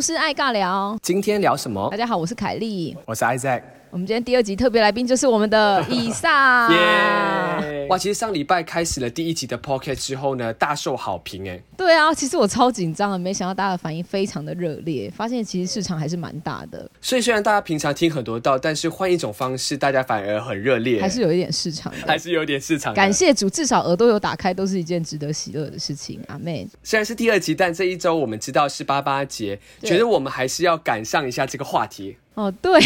牧師愛尬聊，今天聊什麼？大家好，我是凱莉，我是 Isaac 我們今天第二集特別來賓，就是我們的以撒。耶 、yeah！哇，其實上禮拜開始了第一集的 podcast 之後呢，大受好評哎、欸。對啊，其實我超緊張的，沒想到大家的反應非常的熱烈，發現其實市場還是蠻大的。所以雖然大家平常聽很多道，但是換一種方式，大家反而很熱烈，還是有一點市場，還是有點市場。感謝主，至少耳朵都有打開，都是一件值得喜樂的事情。阿們，雖然是第二集，但這一周我們知道是八八節，覺得我們還是要趕上一下這個話題。哦，對，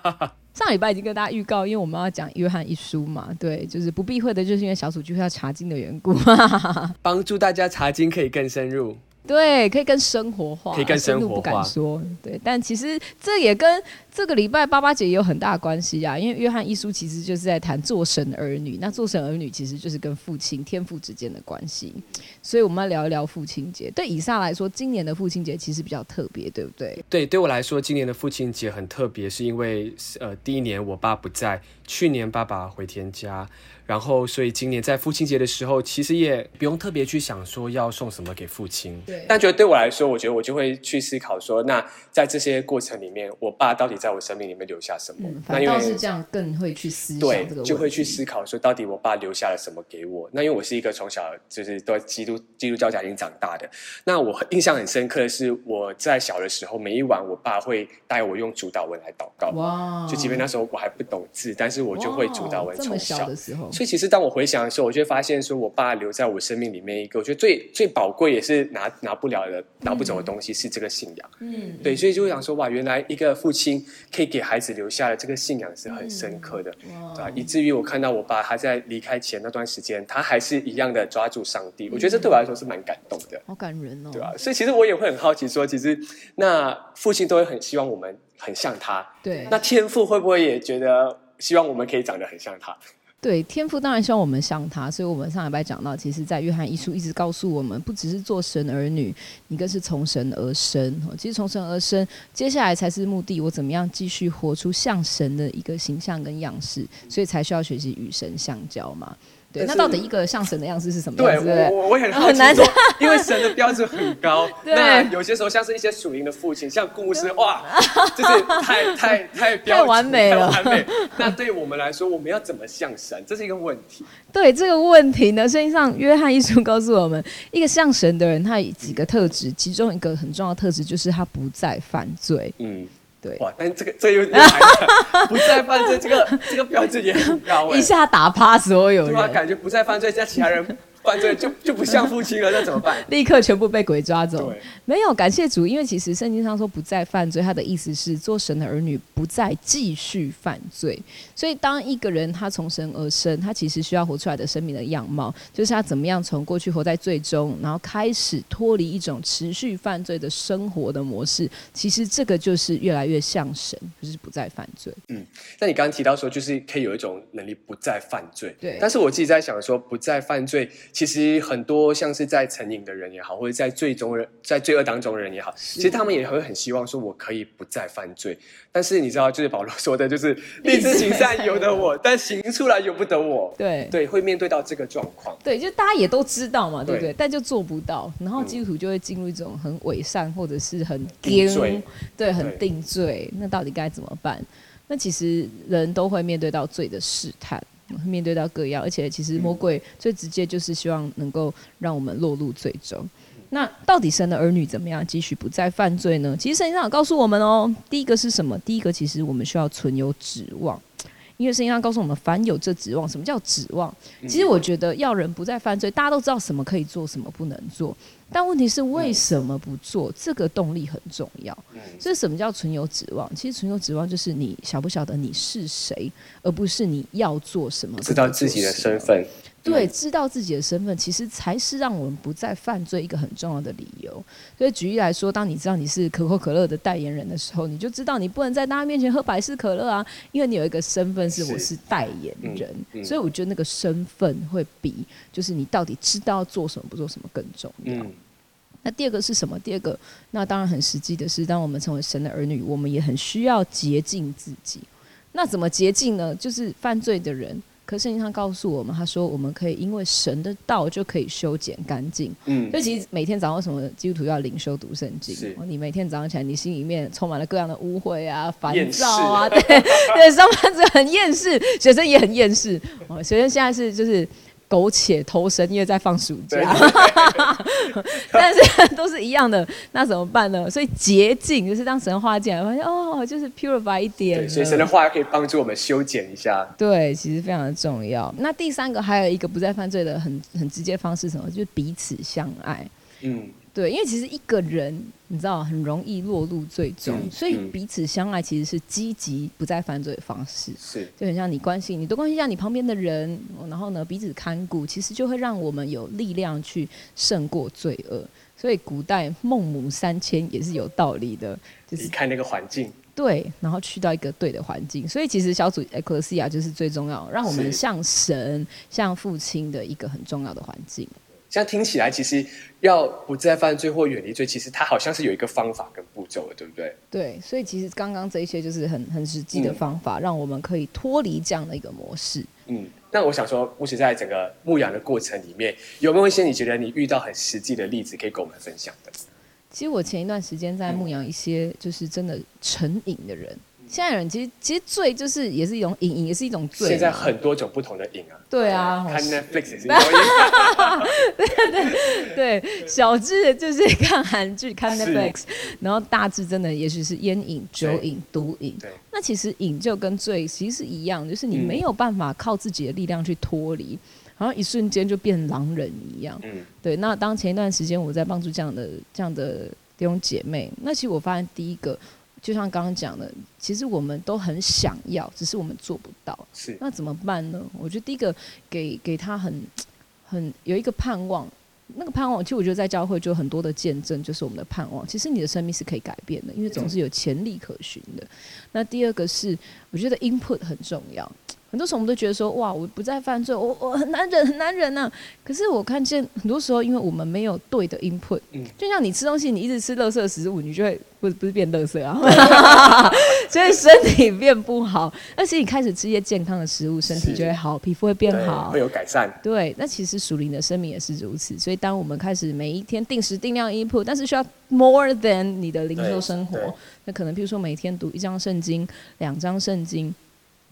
上禮拜已經跟大家預告，因為我們要講約翰一書嘛，對，就是不避諱的，就是因為小組聚會要查經的緣故幫 助大家查經可以更深入，對，可以更生活化，可以更生活化，呃、不敢說，對，但其實這也跟。這個禮拜八八節也有很大關係呀、啊，因為約翰一書其實就是在談做神兒女，那做神兒女其實就是跟父親天父之間的關係，所以我們要聊一聊父親節。對，以上來說，今年的父親節其實比較特別，對不對？對，對我來說，今年的父親節很特別，是因為呃，第一年我爸不在，去年爸爸回天家，然後所以今年在父親節的時候，其實也不用特別去想說要送什麼給父親。對，但覺得對我來說，我覺得我就會去思考說，那在這些過程裡面，我爸到底。在我生命裡面留下什麼？嗯、那因為是這樣更會去思考，對、這個，就會去思考說，到底我爸留下了什麼給我？那因為我是一個從小就是都在基督基督教家庭長大的。那我印象很深刻的是，我在小的時候，每一晚我爸會帶我用主禱文來禱告。哇！就即便那時候我還不懂字，但是我就會主禱文。從小的時候。所以其實當我回想的時候，我就發現說，我爸留在我生命裡面一個我覺得最最寶貴也是拿拿不了的、拿不走的東西是這個信仰。嗯。嗯對，所以就會想說哇，原來一個父親。可以給孩子留下的這個信仰是很深刻的，啊、嗯，以至於我看到我爸他在離開前那段時間，他還是一樣的抓住上帝。嗯、我覺得這對我來說是蠻感動的、嗯，好感人哦，對吧？所以其實我也會很好奇說，說其實那父親都會很希望我們很像他，對，那天父會不會也覺得希望我們可以長得很像他？對，天父當然希望我們像他，所以我們上禮拜講到，其實，在約翰一書一直告訴我們，不只是做神兒女，一個是從神而生。其實從神而生，接下來才是目的。我怎麼樣繼續活出像神的一個形象跟樣式？所以才需要學習與神相交嘛。對，那到底一個像神的樣子是什麼樣子？對，對對我我很、嗯、很難說，因為神的標準很高。 對、啊那啊，有些時候像是一些屬靈的父親，像故事哇， 就是太太太太完美了，完美。 那對於我們來說，我們要怎麼像神？這是一個問題。對這個問題呢，實際上約翰一書告訴我們，一個像神的人，他有幾個特質，其中一個很重要的特質就是他不再犯罪。嗯。對哇！但這個這個、有點， 不再犯罪 這個這個標準也很高，欸， 一下打趴所有人，就感覺不再犯罪，加其他人。 犯罪，就就不像父親了，那怎麼辦？ 立刻全部被鬼抓走。沒有，感謝主，因為其實聖經上說「不再犯罪」，他的意思是做神的兒女不再繼續犯罪。所以當一個人他從神而生，他其實需要活出來的生命的樣貌，就是他怎麼樣從過去活在罪中，然後開始脫離一種持續犯罪的生活的模式。其實這個就是越來越像神，就是不再犯罪。嗯，那你剛剛提到說，就是可以有一種能力不再犯罪。對，但是我自己在想說，不再犯罪。其實很多像是在成癮的人也好，或者在罪中人、在罪惡當中的人也好，其實他們也會很希望說，我可以不再犯罪。但是你知道，就是保羅說的，就是立志行善由得我有，但行出來由不得我。對對，會面對到這個狀況。對，就大家也都知道嘛，對不對？對，但就做不到，然後基督徒就會進入一種很偽善，或者是很定罪，對，很定罪。那到底該怎麼辦？那其實人都會面對到罪的試探。面對到各樣，而且其實魔鬼最直接就是希望能夠讓我們落入最終。那到底生的兒女怎麼樣，繼續不再犯罪呢？其實聖經上告訴我們哦，第一個是什麼？第一個其實我們需要存有指望。因為是因為，他告訴我們：凡有這指望，什麼叫指望？其實我覺得，要人不再犯罪，大家都知道什麼可以做，什麼不能做。但問題是，為什麼不做？這個動力很重要。所以，什麼叫存有指望？其實存有指望就是你曉不曉得你是誰，而不是你要做什麼，做什麼，知道自己的身份。對，知道自己的身份，其實才是讓我們不再犯罪一個很重要的理由。所以，舉例來說，當你知道你是可口可樂的代言人的時候，你就知道你不能在大家面前喝百事可樂啊，因為你有一個身份是我是代言人。嗯嗯、所以，我覺得那個身份會比就是你到底知道做什麼不做什麼更重要、嗯。那第二個是什麼？第二個，那當然很實際的是，當我們成為神的兒女，我們也很需要潔淨自己。那怎麼潔淨呢？就是犯罪的人。可是，經上告訴我們，他說我們可以因為神的道就可以修剪乾淨。嗯，所以其實每天早上為什麼基督徒要靈修讀聖經？是，你每天早上起來，你心裡面充滿了各樣的污穢啊、煩躁啊，對 對，上班族很厭世，學生也很厭世。哦，學生現在是就是。苟且偷生，因為在放暑假， 但是都是一樣的，那怎麼辦呢？所以捷徑就是當神話進來，我覺得，哦，就是 purify 一點。對，所以神的話可以幫助我們修剪一下。對，其實非常的重要。那第三個還有一個不再犯罪的很很直接方式，什麼？就是彼此相愛。嗯。對，因為其實一個人，你知道，很容易落入罪中，嗯，所以彼此相愛其實是積極不再犯罪的方式。是，就很像你關心，你多關心一下你旁邊的人，然後呢，彼此看顧，其實就會讓我們有力量去勝過罪惡。所以古代孟母三遷也是有道理的，就是離開那個環境，對，然後去到一個對的環境。所以其實小組哎，Ecclesia 就是最重要，讓我們像神、像父親的一個很重要的環境。像聽起來，其實要不再犯罪或遠離罪，其實它好像是有一個方法跟步驟的，對不對？對，所以其實剛剛這一些就是很很實際的方法，嗯，讓我們可以脫離這樣的一個模式。嗯，那我想說，目前在整個牧養的過程裡面，有沒有一些你覺得你遇到很實際的例子可以跟我們分享的？其實我前一段時間在牧養一些，就是真的成癮的人。嗯現在人其實其實，醉就是也是一種癮，癮癮也是一種罪。現在很多種不同的癮啊。對啊。看 Netflix 也是有癮。 對對，小智就是看韓劇，看 Netflix，然後大智真的也許是煙癮、酒癮、毒癮。那其實癮就跟醉其實是一樣，就是你沒有辦法靠自己的力量去脫離，好、嗯、像一瞬間就變狼人一樣。嗯。對，那當前一段時間我在幫助這樣的這樣的這種姐妹，那其實我發現第一個。就像剛剛講的，其實我們都很想要，只是我們做不到。是，那怎麼辦呢？我覺得第一個，給給他很很有一個盼望，那個盼望，其實我覺得在教會就很多的見證，就是我們的盼望。其實你的生命是可以改變的，因為總是有潛力可循的。嗯。那第二個是，我覺得 input 很重要。很多時候我們都覺得說，哇，我不再犯罪，我、哦、我、哦、很難忍很難忍吶、啊。可是我看見很多時候，因為我們沒有對的 input、嗯、就像你吃東西，你一直吃垃圾食物，你就會不不是變垃圾啊， 所以身體變不好。但是你開始吃一些健康的食物，身體就會好，皮膚會變好，會有改善。對，那其實屬靈的生命也是如此。所以當我們開始每一天定時定量 input，但是需要 more than 你的靈修生活。那可能比如說每天讀一章聖經，兩章聖經。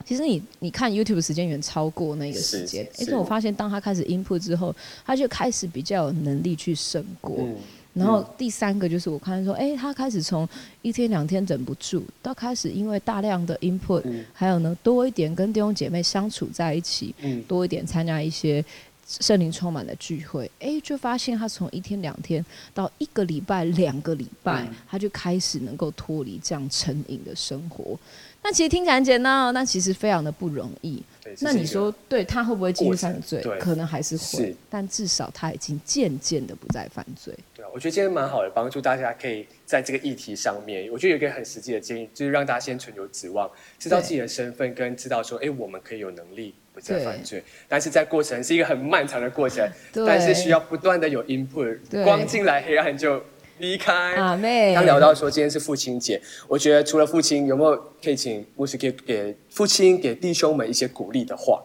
其實你你看 YouTube 時間遠超過那個時間，其實、欸、我發現當他開始 input 之後，他就開始比較有能力去勝過。嗯、然後第三個就是我看說，哎、欸，他開始從一天兩天忍不住，到開始因為大量的 input，、嗯、還有呢多一點跟弟兄姐妹相處在一起，多一點參加一些。聖靈充滿了聚會，誒、欸，就發現他從一天兩天到一個禮拜、兩個禮拜，他就開始能夠脫離這樣成癮的生活。那其實聽起來很簡單、喔，但其實非常的不容易。就是，那你說，對他會不會繼續犯罪，對對？可能還是會，但至少他已經漸漸的不再犯罪。對，我覺得今天蠻好的，幫助大家可以在這個議題上面。我覺得有一個很實際的建議，就是讓大家先存有指望，知道自己的身份，跟知道說，哎、欸，我們可以有能力不再犯罪。但是在過程是一個很漫長的過程，但是需要不斷的有 input，光進來黑暗就離開阿、啊、妹，剛聊到說今天是父親節，我覺得除了父親，有沒有可以請牧師給給父親、給弟兄們一些鼓勵的話？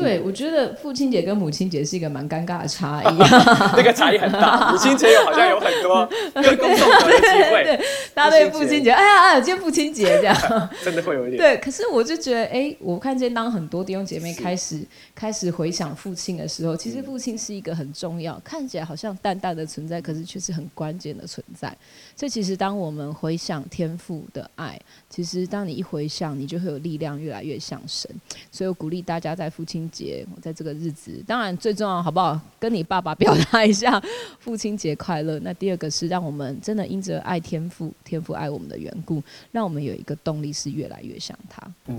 對，我覺得父親節跟母親節是一個蠻尷尬的差異，這、啊那個差異很大。母親節又好像有很多跟公公婆婆的機會， 大家對父親節，哎呀，呀，哎，今天父親節這樣， 真的會有一點。對，可是我就覺得，哎、欸，我看見當很多弟兄姐妹開始開始回想父親的時候，其實父親是一個很重要，看起來好像淡淡的存在，可是卻是很關鍵的存在。所以其實當我們回想天父的愛，其實當你一回想，你就會有力量越來越像神。所以我鼓勵大家在父親。節，我在這個日子，當然最重要好不好？跟你爸爸表達一下父親節快樂。那第二個是讓我們真的因着愛天父，天父愛我們的緣故，讓我們有一個動力是越來越像他。嗯，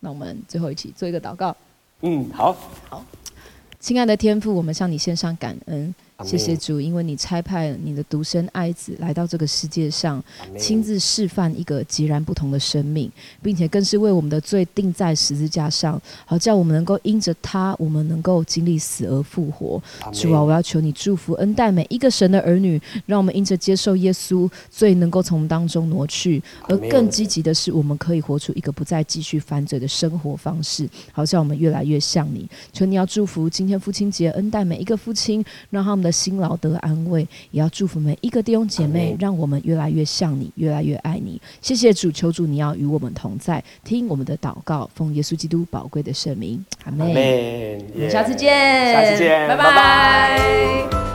那我們最後一起做一個禱告。嗯，好好。親愛的天父，我們向你獻上感恩。謝謝主，因為你差派你的獨生愛子來到這個世界上，親自示範一個截然不同的生命，並且更是為我們的罪釘在十字架上，好叫我們能夠因着他，我們能夠經歷死而復活。主啊，我要求你祝福恩待每一個神的兒女，讓我們因着接受耶穌，罪能夠從當中挪去，而更積極的是，我們可以活出一個不再繼續犯罪的生活方式，好叫我們越來越像你。求你要祝福今天父親節，恩待每一個父親，讓他們的辛勞得安慰，也要祝福每一個弟兄姐妹,妹，讓我們越來越像你，越來越愛你。謝謝主，求主你要與我們同在，聽我們的禱告，奉耶穌基督寶貴的聖名，阿們，們、yeah, 下次見，下次見，拜拜。拜拜